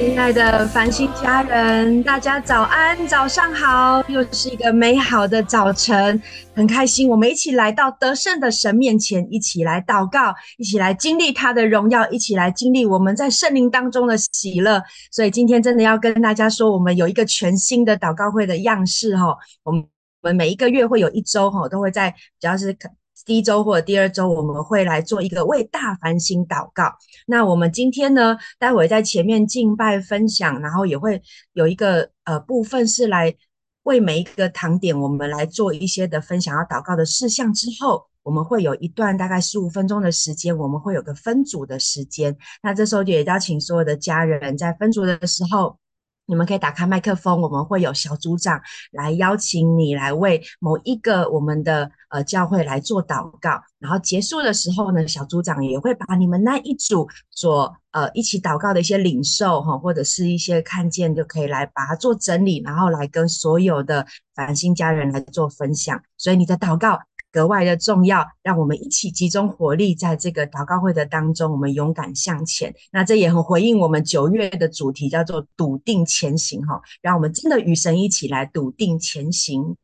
親愛的繁星家人，大家早安，早上好，又是一個美好的早晨，很開心，我們一起來到得勝的神面前，一起來禱告，一起來經歷他的榮耀，一起來經歷我們在聖靈當中的喜樂。所以今天真的要跟大家說，我們有一個全新的禱告會的樣式哦，我們我們每一個月會有一周哈，都會在，只要是第一周或者第二周，我們會來做一個為大繁星禱告。那我們今天呢，待會在前面敬拜分享，然後也會有一個呃部分是來為每一個堂點，我們來做一些的分享要禱告的事項。之後我們會有一段大概十五分鐘的時間，我們會有個分組的時間。那這時候就也邀請所有的家人在分組的時候。你們可以打開麥克風，我們會有小組長來邀請你來為某一個我們的呃教會來做禱告，然後結束的時候呢，小組長也會把你們那一組所呃一起禱告的一些領受哈，或者是一些看見，就可以來把它做整理，然後來跟所有的繁星家人來做分享。所以你的禱告。格外的重要，讓我們一起集中火力，在這個禱告會的當中，我們勇敢向前。那這也很回應我們九月的主題，叫做篤定前行，吼，讓我們真的與神一起來篤定前行。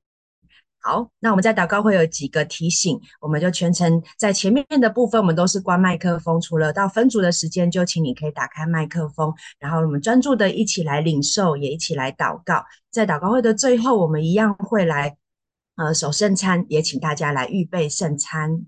好，那我們在禱告會有幾個提醒，我們就全程在前面的部分，我們都是關麥克風，除了到分組的時間，就請你可以打開麥克風，然後我們專注的一起來領受，也一起來禱告。在禱告會的最後，我們一樣會來。呃，守聖餐也請大家來預備聖餐。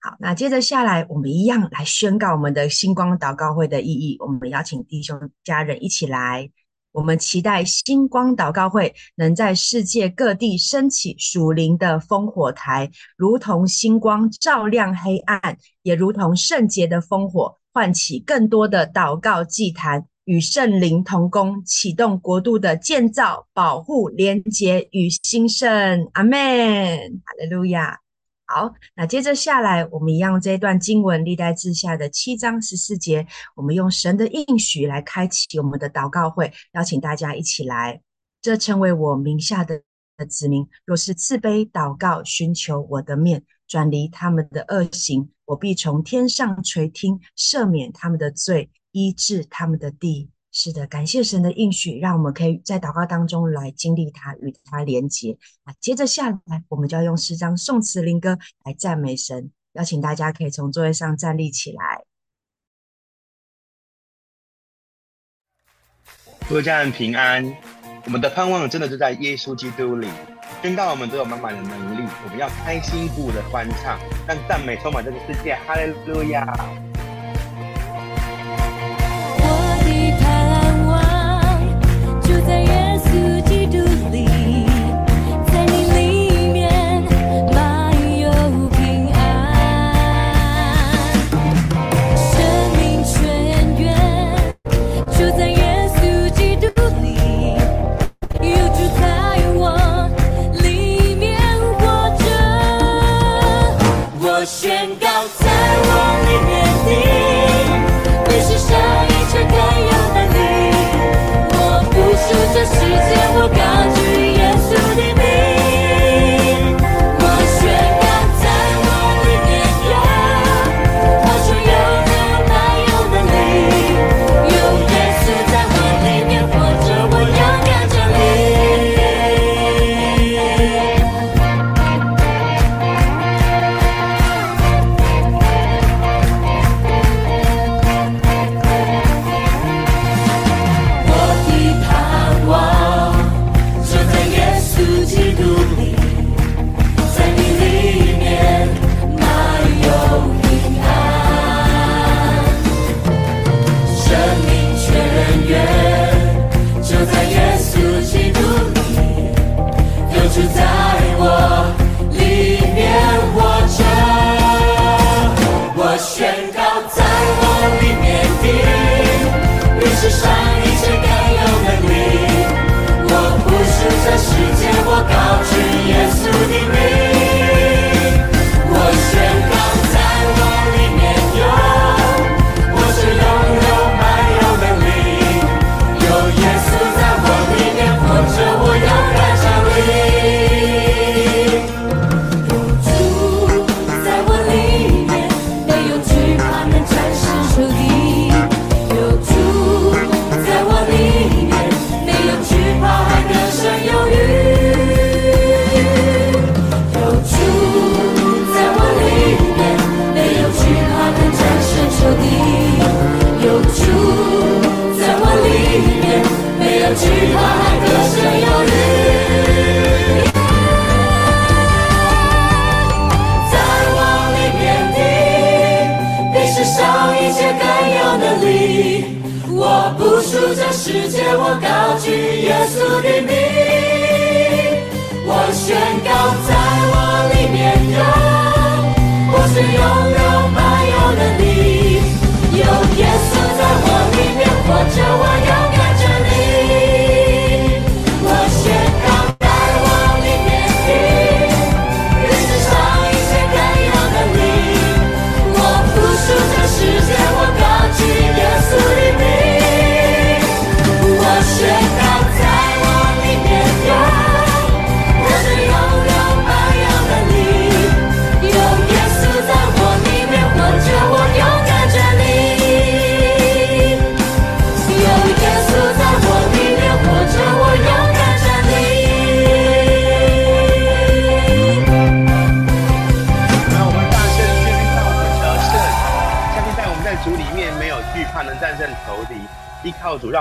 好，那接着下來，我們一樣來宣告我們的星光禱告會的意義。我們邀請弟兄家人一起來。我們期待星光禱告會能在世界各地升起屬靈的烽火台，如同星光照亮黑暗，也如同聖潔的烽火喚起更多的禱告祭壇，與聖靈同工，啟動國度的建造、保護、連結與興盛。阿們。哈利路亞。好，那接着下來，我們一樣這一段經文，歷代志下的七章十四節，我們用神的應許來開啟我們的禱告會，邀請大家一起來。這稱為我名下的的子民，若是自卑禱告，尋求我的面，轉離他們的惡行，我必從天上垂聽，赦免他們的罪，醫治他們的地，是的，感謝神的應許，讓我們可以在禱告當中來經歷他，與他連結。啊，接着下來，我們就要用詩章、頌詞、靈歌來讚美神。邀請大家可以從座位上站立起來。各位家人平安，我們的盼望真的就在耶穌基督裡。宣告我們都有滿滿的能力，我們要開心、鼓的歡唱，讓讚美充滿這個世界。哈利路亞。宣告在我裡面，你，你是上一切該有的你，我付出這世界，我高舉耶穌。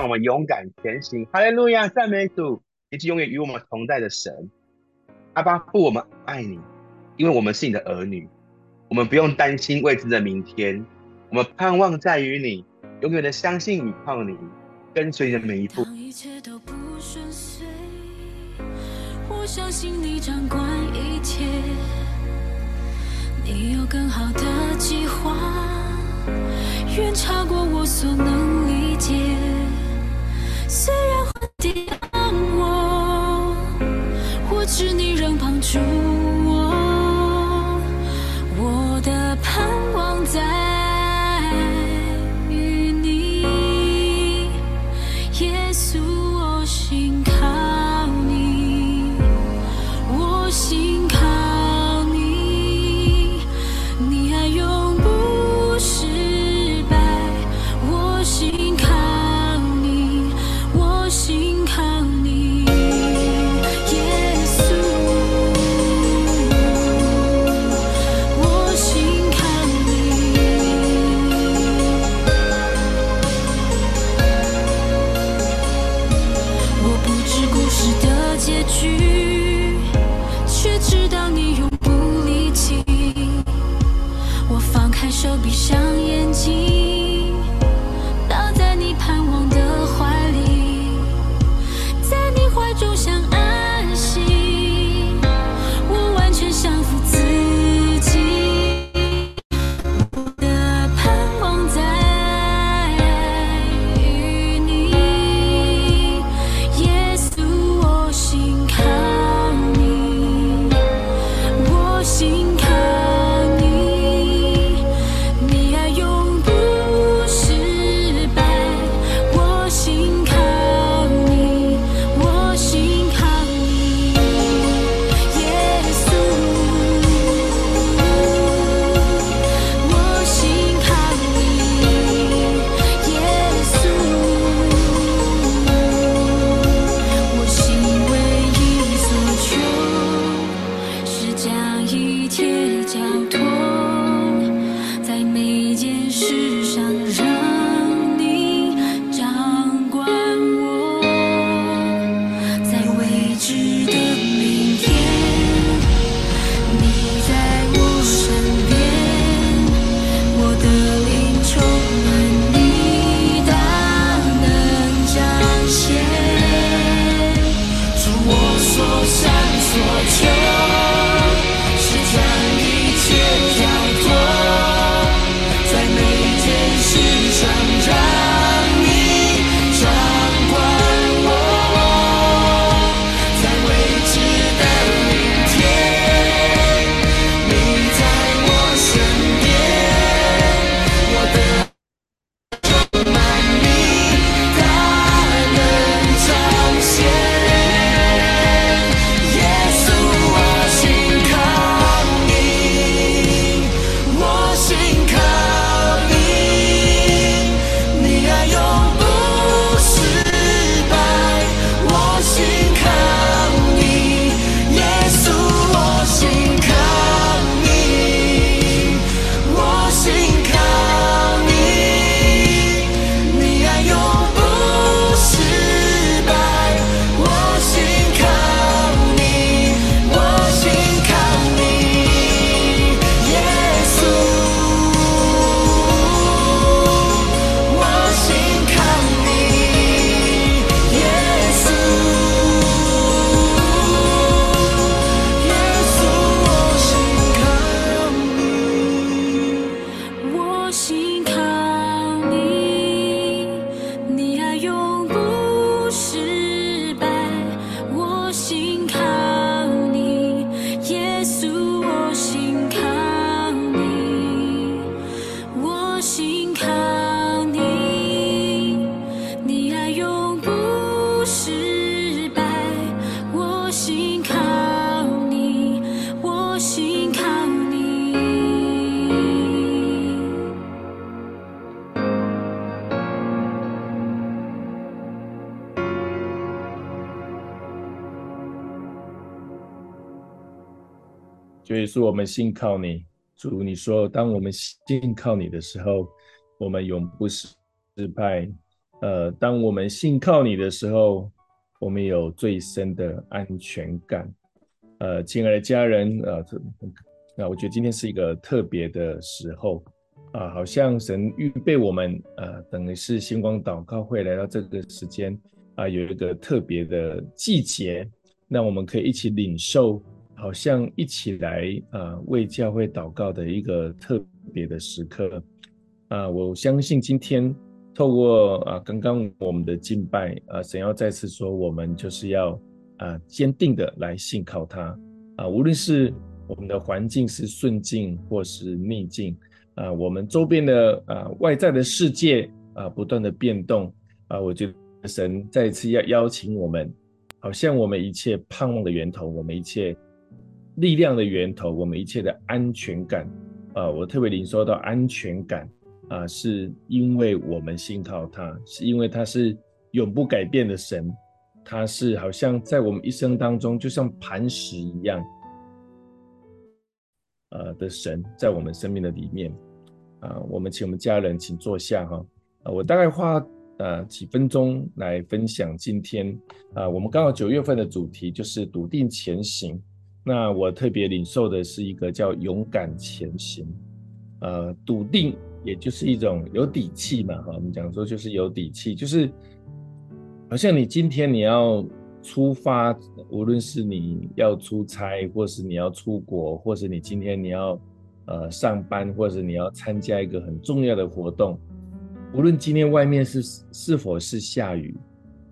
讓我們勇敢前行。哈利路亞，讚美主，你是永遠與我們同在的神。阿爸父，我們愛你，因為我們是你的兒女。我們不用擔心未知的明天，我們盼望在於你，永遠的相信倚靠你，跟隨你的每一步。一切都不順遂，我相信你掌管一切，你有更好的計劃，遠超過我所能理解。雖然。我信靠你，這也是我們信靠你。主，你說，當我們信靠你的時候，我們永不失失敗。呃，當我們信靠你的時候，我們有最深的安全感。呃，親愛的家人，呃，那我覺得今天是一個特別的時候，啊、呃，好像神預備我們，呃，等於是星光禱告會來到這個時間，啊、呃，有一個特別的季節，那我們可以一起領受，好像一起來，呃，為教會禱告的一個特別的時刻，啊、呃，我相信今天透過啊、呃，剛剛我們的敬拜，啊、呃，神要再次說，我們就是要。啊，堅定的來信靠他啊！無論是我們的環境是順境或是逆境啊，我們周邊的啊外在的世界啊不斷的變動啊，我覺得神再一次要邀請我們，好像我們一切盼望的源頭，我們一切力量的源頭，我們一切的安全感啊，我特別領受到安全感啊，是因為我們信靠他，是因為他是永不改變的神。他是好像在我們一生當中，就像磐石一樣，呃的神在我們生命的裡面，啊、呃，我們請我們家人請坐下哈，啊、呃，我大概花呃幾分鐘來分享今天，啊、呃，我們剛好九月份的主題就是篤定前行，那我特別領受的是一個叫勇敢前行，呃，篤定也就是一種有底氣嘛，哈，我們講說就是有底氣，就是。好像你今天你要出發，無論是你要出差，或是你要出國，或是你今天你要呃上班，或是你要參加一個很重要的活動，無論今天外面是是否是下雨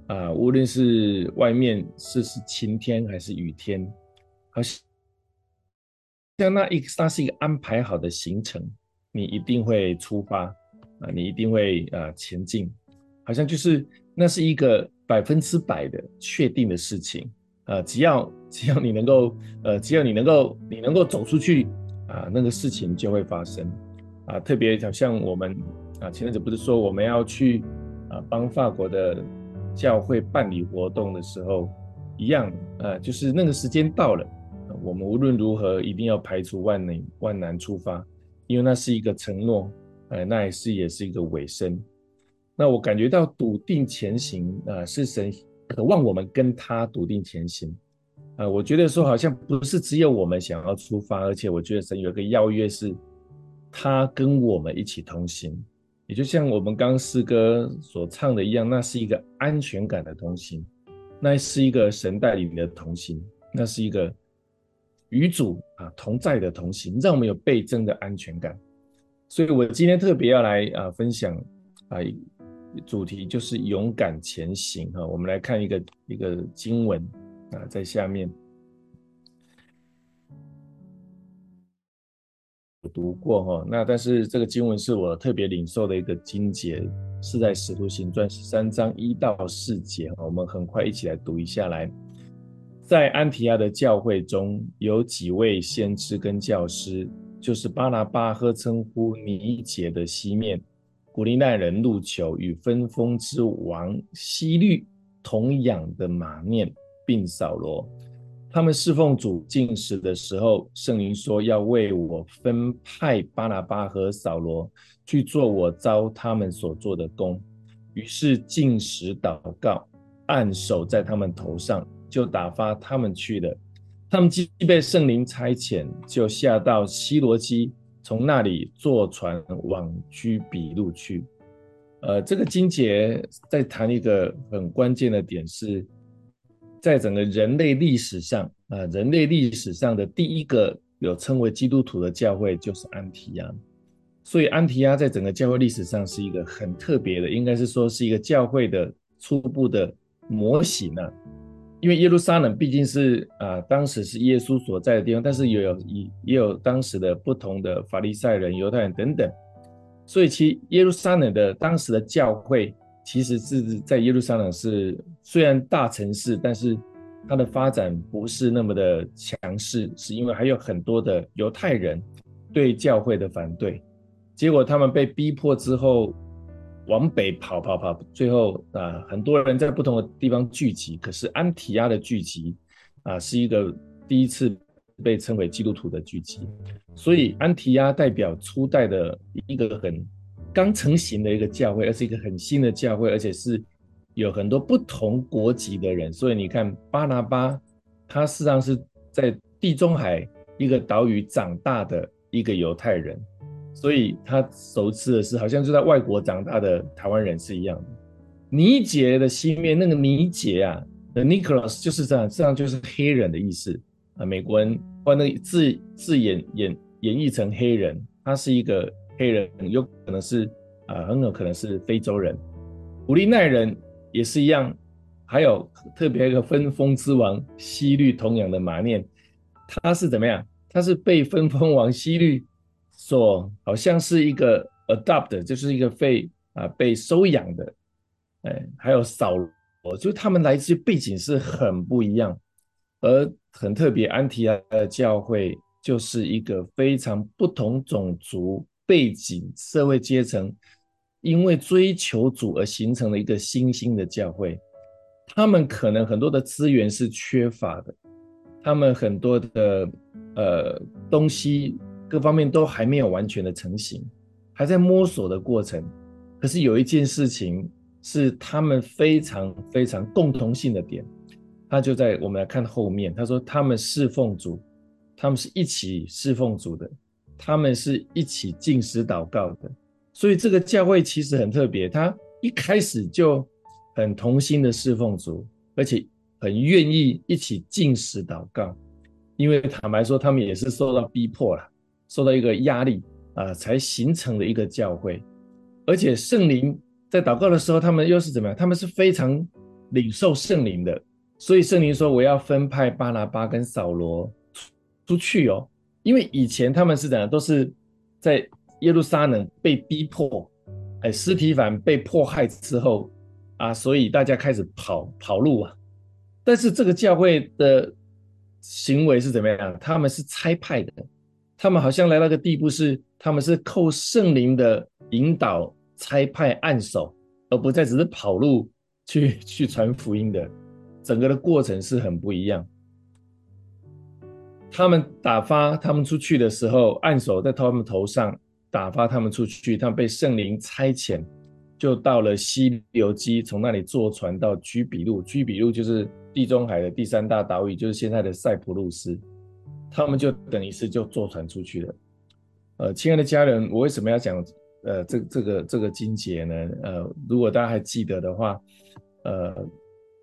啊、呃，無論是外面是是晴天還是雨天，好像，像那一個它是一個安排好的行程，你一定會出發啊、呃，你一定會啊、呃、前進，好像就是。那是一個百分之百的確定的事情，呃，只要只要你能夠，呃，只要你能夠，你能夠走出去，啊、呃，那個事情就會發生，啊、呃，特別好像我們啊、呃，前陣子不是說我們要去啊幫、呃、法國的教會辦理活動的時候一樣，呃，就是那個時間到了、呃，我們無論如何一定要排除萬難，萬難出發，因為那是一個承諾，呃，那也是也是一個尾聲。那我感覺到篤定前行，啊、呃，是神渴望我們跟他篤定前行，啊、呃，我覺得說好像不是只有我們想要出發，而且我覺得神有一個邀約，是他跟我們一起同行。也就像我們剛剛詩歌所唱的一樣，那是一個安全感的同行，那是一個神帶領的同行，那是一個與主啊同在的同行，讓我們有倍增的安全感。所以，我今天特別要來啊、呃、分享啊。呃主題就是勇敢前行哈，我們來看一個一個經文啊，在下面我讀過哈，那但是這個經文是我特別領受的一個經節，是在使徒行傳十三章一到四節。我們很快一起來讀一下來，在安提阿的教會中，有幾位先知跟教師，就是巴拿巴和稱呼尼結的西面。古利奈人路求與分封之王希律同養的馬念，並掃羅，他們事奉主禁食的時候，聖靈說要為我分派巴拿巴和掃羅去做我召他們所做的工，於是禁食禱告，按手在他們頭上，就打發他們去了。他們既被聖靈差遣，就下到西流基。從那裡坐船往居比路去，呃，這個經節在談一個很關鍵的點是，在整個人類歷史上啊、呃，人類歷史上的第一個有稱為基督徒的教會就是安提阿，所以安提阿在整個教會歷史上是一個很特別的，應該是說是一個教會的初步的模型呢、啊。因為耶路撒冷畢竟是啊，當時是耶穌所在的地方，但是也有也也有當時的不同的法利賽人、猶太人等等，所以其耶路撒冷的當時的教會，其實是在耶路撒冷是雖然大城市，但是它的發展不是那麼的強勢，是因為還有很多的猶太人對教會的反對，結果他們被逼迫之後。往北跑跑跑，最後啊，很多人在不同的地方聚集。可是安提阿的聚集啊，是一個第一次被稱為基督徒的聚集，所以安提阿代表初代的一個很剛成型的一個教會，而是一個很新的教會，而且是有很多不同國籍的人。所以你看巴拿巴，他事實上是在地中海一個島嶼長大的一個猶太人。所以他熟知的是，好像就在外國長大的台灣人是一樣的。尼結的西面那個尼結啊，那尼克勞斯就是這樣，這樣就是黑人的意思啊。美國人把那個字字演演演繹成黑人，他是一個黑人，有可能是啊、呃，很有可能是非洲人。古利奈人也是一樣，還有特別一個分封之王希律同養的馬念，他是怎麼樣？他是被分封王希律。說、so, 好像是一個 adopt，就是一個被啊被收養的，哎，還有掃羅，就他們來自於背景是很不一樣，而很特別。安提阿的教會就是一個非常不同種族背景、社會階層，因為追求主而形成了一個新興的教會。他們可能很多的資源是缺乏的，他們很多的呃東西。各方面都還沒有完全的成型，還在摸索的過程。可是有一件事情是他們非常非常共同性的點，他就在我們來看後面，他說他們侍奉主，他們是一起侍奉主的，他們是一起禁食禱告的。所以這個教會其實很特別，他一開始就很同心的侍奉主，而且很願意一起禁食禱告，因為坦白說，他們也是受到逼迫了。受到一個壓力啊、呃，才形成了一個教會，而且聖靈在禱告的時候，他們又是怎麼樣？他們是非常領受聖靈的，所以聖靈說：“我要分派巴拿巴跟掃羅出出去哦。”因為以前他們是怎樣，都是在耶路撒冷被逼迫，哎，司提反被迫害之後啊，所以大家開始跑跑路啊。但是這個教會的行為是怎麼樣？他們是差派的。他們好像來到個地步是，他們是靠聖靈的引導差派按手，而不再只是跑路去去傳福音的，整個的過程是很不一樣。他們打發他們出去的時候，按手在他們頭上打發他們出去，他們被聖靈差遣，就到了西流基，從那裡坐船到居比路，居比路就是地中海的第三大島嶼，就是現在的塞浦路斯。他們就等於是就坐船出去了。呃，親愛的家人，我為什麼要講呃這這個這個經節呢？呃，如果大家還記得的話，呃，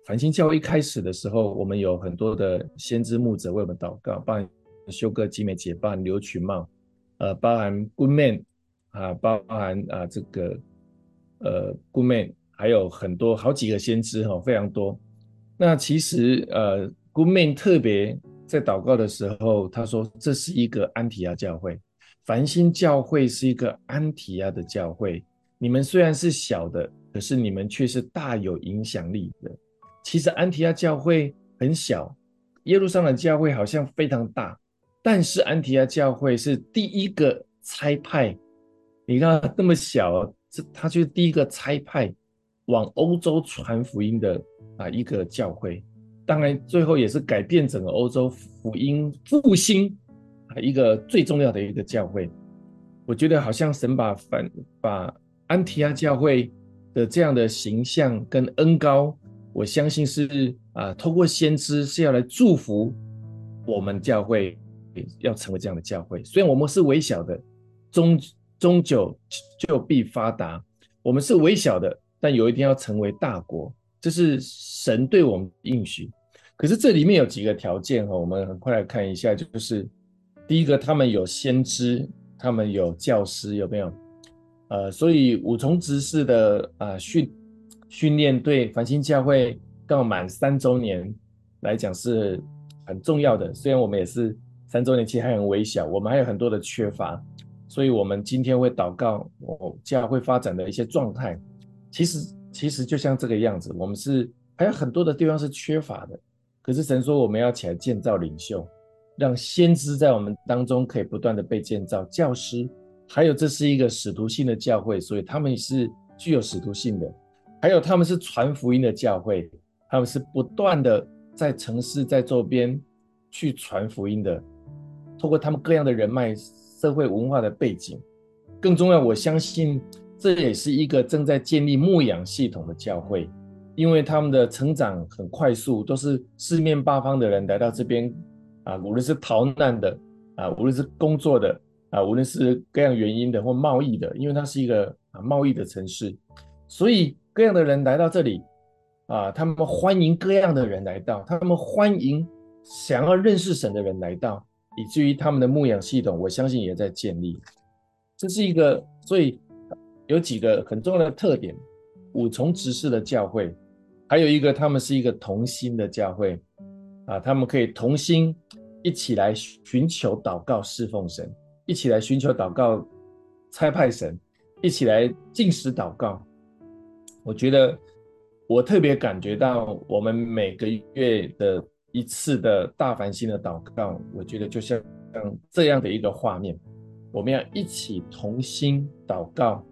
繁星教會一開始的時候，我們有很多的先知牧者為我們禱告，包含修哥吉美姐，包含劉群茂呃，包含 Goodman 啊，包含啊這個呃 Goodman，還有很多好幾個先知哈、哦，非常多。那其實呃 Goodman 特別。在禱告的時候，他說：“這是一個安提亞教會，繁星教會是一個安提亞的教會。你們雖然是小的，可是你們卻是大有影響力的。其實安提亞教會很小，耶路撒冷教會好像非常大，但是安提亞教會是第一個差派。你看，它那麼小，它就是第一個差派往歐洲傳福音的啊一個教會。”當然，最後也是改變整個歐洲福音復興一個最重要的一個教會。我覺得好像神把反把安提阿教會的這樣的形象跟恩高，我相信是啊，通過先知是要來祝福我們教會要成為這樣的教會。雖然我們是微小的，終終久就必發達。我們是微小的，但有一天要成為大國，這是神對我們應許。可是這裡面有幾個條件哈，我們很快來看一下，就是第一個，他們有先知，他們有教師，有沒有？呃，所以五重職事的呃訓練訓練對繁星教會剛滿三周年來講是很重要的。雖然我們也是三周年其實還很微小，我們還有很多的缺乏，所以我們今天會禱告我們、哦、教會發展的一些狀態。其實其實就像這個樣子，我們是還有很多的地方是缺乏的。可是神說我們要起來建造領袖，讓先知在我們當中可以不斷的被建造。教師，還有這是一個使徒性的教會，所以他們也是具有使徒性的。還有他們是傳福音的教會，他們是不斷的在城市在周邊去傳福音的，透過他們各樣的人脈、社會文化的背景。更重要，我相信這也是一個正在建立牧養系統的教會。因為他們的成長很快速，都是四面八方的人來到這邊，啊，無論是逃難的，啊，無論是工作的，啊，無論是各樣原因的或貿易的，因為它是一個啊貿易的城市，所以各樣的人來到這裡，啊，他們歡迎各樣的人來到，他們歡迎想要認識神的人來到，以至於他們的牧養系統，我相信也在建立。這是一個，所以有幾個很重要的特點：五重職事的教會。還有一個，他們是一個同心的教會啊，他們可以同心一起來尋求、禱告、侍奉神，一起來尋求、禱告、差派神，一起來禁食、禱告。我覺得我特別感覺到，我們每個月的一次的大繁星的禱告，我覺得就像像這樣的一個畫面，我們要一起同心禱告，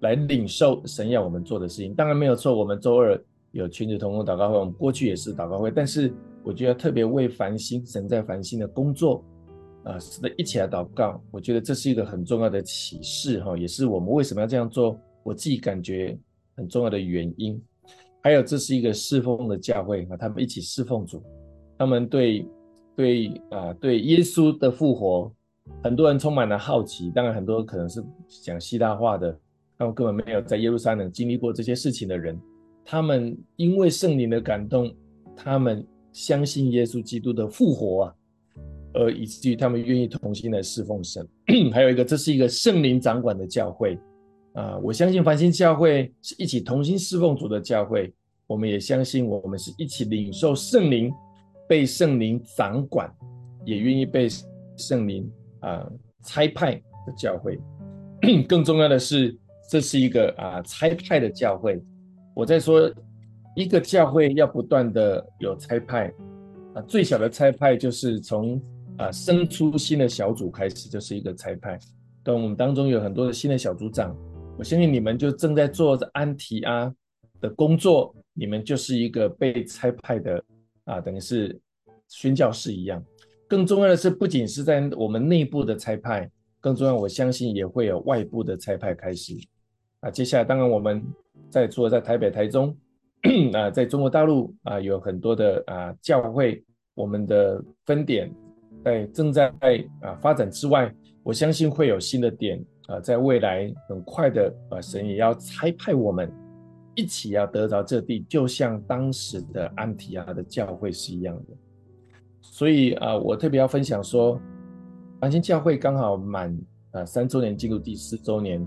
來領受神要我們做的事情。當然沒有錯，我們周二。有全職同工禱告會，我們過去也是禱告會，但是我覺得特別為繁星神在繁星的工作啊，是、呃、一起來禱告。我覺得這是一個很重要的啟示哈、哦，也是我們為什麼要這樣做，我自己感覺很重要的原因。還有，這是一個侍奉的教會和、呃、他們一起侍奉主，他們對對啊、呃，對耶穌的復活，很多人充滿了好奇，當然很多可能是講希臘話的，他們根本沒有在耶路撒冷經歷過這些事情的人。他們因為聖靈的感動，他們相信耶穌基督的復活啊，而以至於他們願意同心來侍奉神。 還有一個，這是一個聖靈掌管的教會啊、呃！我相信繁星教會是一起同心侍奉主的教會。我們也相信，我們是一起領受聖靈、被聖靈掌管，也願意被聖靈啊、呃、差派的教會。 更重要的是，這是一個啊、呃、差派的教會。我在說，一個教會要不斷的有差派啊，最小的差派就是從啊生出新的小組開始，就是一個差派。等我們當中有很多的新的小組長，我相信你們就正在做安提阿的工作，你們就是一個被差派的啊，等於是宣教士一樣。更重要的是，不僅是在我們內部的差派，更重要，我相信也會有外部的差派開始。啊，接下來當然我們。在除了在台北、台中啊、 呃，在中國大陸啊、呃，有很多的啊、呃、教會，我們的分點在、呃、正在啊、呃、發展之外，我相信會有新的點啊、呃，在未來很快的啊、呃，神也要差派我們一起要得到這地，就像當時的安提阿的教會是一樣的。所以啊、呃，我特別要分享說，安興教會剛好滿啊、呃、三周年，進入第四周年，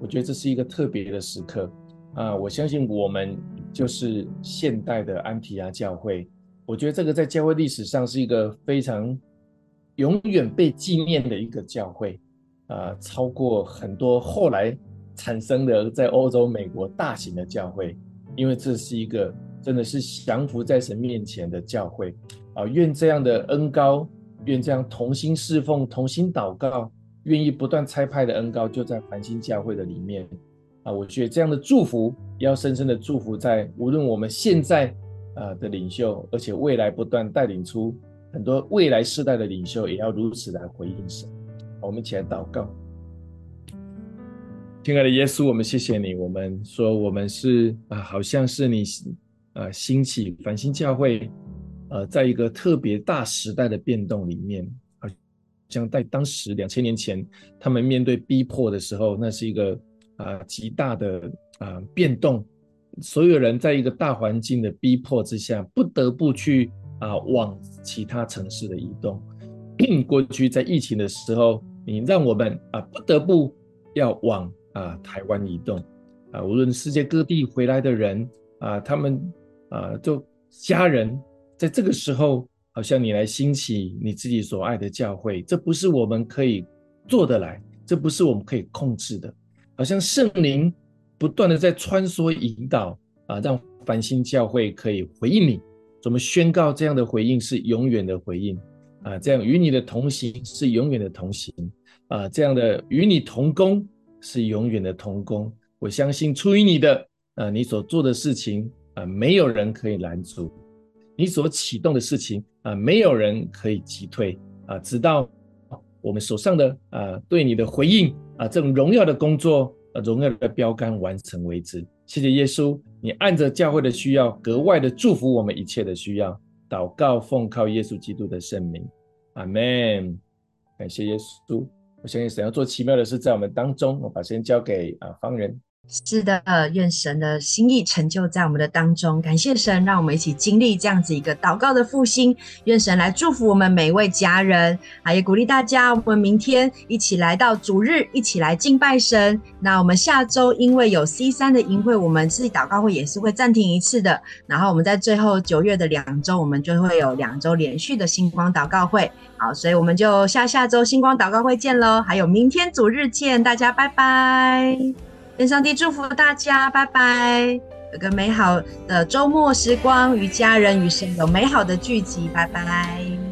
我覺得這是一個特別的時刻。啊，我相信我們就是現代的安提阿教會。我覺得這個在教會歷史上是一個非常永遠被紀念的一個教會啊，超過很多後來產生的在歐洲、美國大型的教會，因為這是一個真的是降服在神面前的教會啊。願這樣的恩膏，願這樣同心侍奉、同心禱告、願意不斷差派的恩膏，就在繁星教會的裡面。啊，我覺得這樣的祝福要深深的祝福在無論我們現在啊、呃、的領袖，而且未來不斷帶領出很多未來世代的領袖，也要如此來回應神。好，我們一起來禱告，親愛的耶穌，我們謝謝你，我們說我們是啊，好像是你呃、啊、興起繁星教會，呃、啊，在一個特別大時代的變動裡面，好像在當時兩千年前他們面對逼迫的時候，那是一個。啊、呃，極大的啊、呃、變動，所有人在一個大環境的逼迫之下，不得不去啊、呃、往其他城市的移動。 過去在疫情的時候，你讓我們啊、呃、不得不要往啊、呃、台灣移動。啊、呃，無論世界各地回來的人啊、呃，他們啊、呃，就家人在這個時候，好像你來興起你自己所愛的教會，這不是我們可以做得來，這不是我們可以控制的。好像聖靈不斷地在穿梭引導啊，讓繁星教會可以回應你。怎麼宣告這樣的回應是永遠的回應啊，這樣與你的同行是永遠的同行啊，這樣的與你同工是永遠的同工。我相信出於你的啊，你所做的事情啊，沒有人可以攔阻；你所啟動的事情啊，沒有人可以擊退啊，直到。我們手上的啊、呃，對你的回應啊，這種榮耀的工作，榮耀的標杆完成為止。謝謝耶穌，你按着教會的需要，格外的祝福我們一切的需要。禱告奉靠耶穌基督的聖名，阿門。感謝耶穌，我相信神要做奇妙的事在我們當中。我把時間交給啊方人。是的，願神的心意成就在我們的當中。感謝神，讓我們一起經歷這樣子一個禱告的復興。願神來祝福我們每一位家人，還、啊、也鼓勵大家，我們明天一起來到主日，一起來敬拜神。那我們下周因為有 C3 的營會，我們自己禱告會也是會暫停一次的。然後我們在最後九月的兩周，我們就會有兩周連續的星光禱告會。好，所以我們就下下周星光禱告會見嘍，還有明天主日見，大家拜拜。願上帝祝福大家，拜拜！有個美好的週末時光，與家人與神有美好的聚集，拜拜。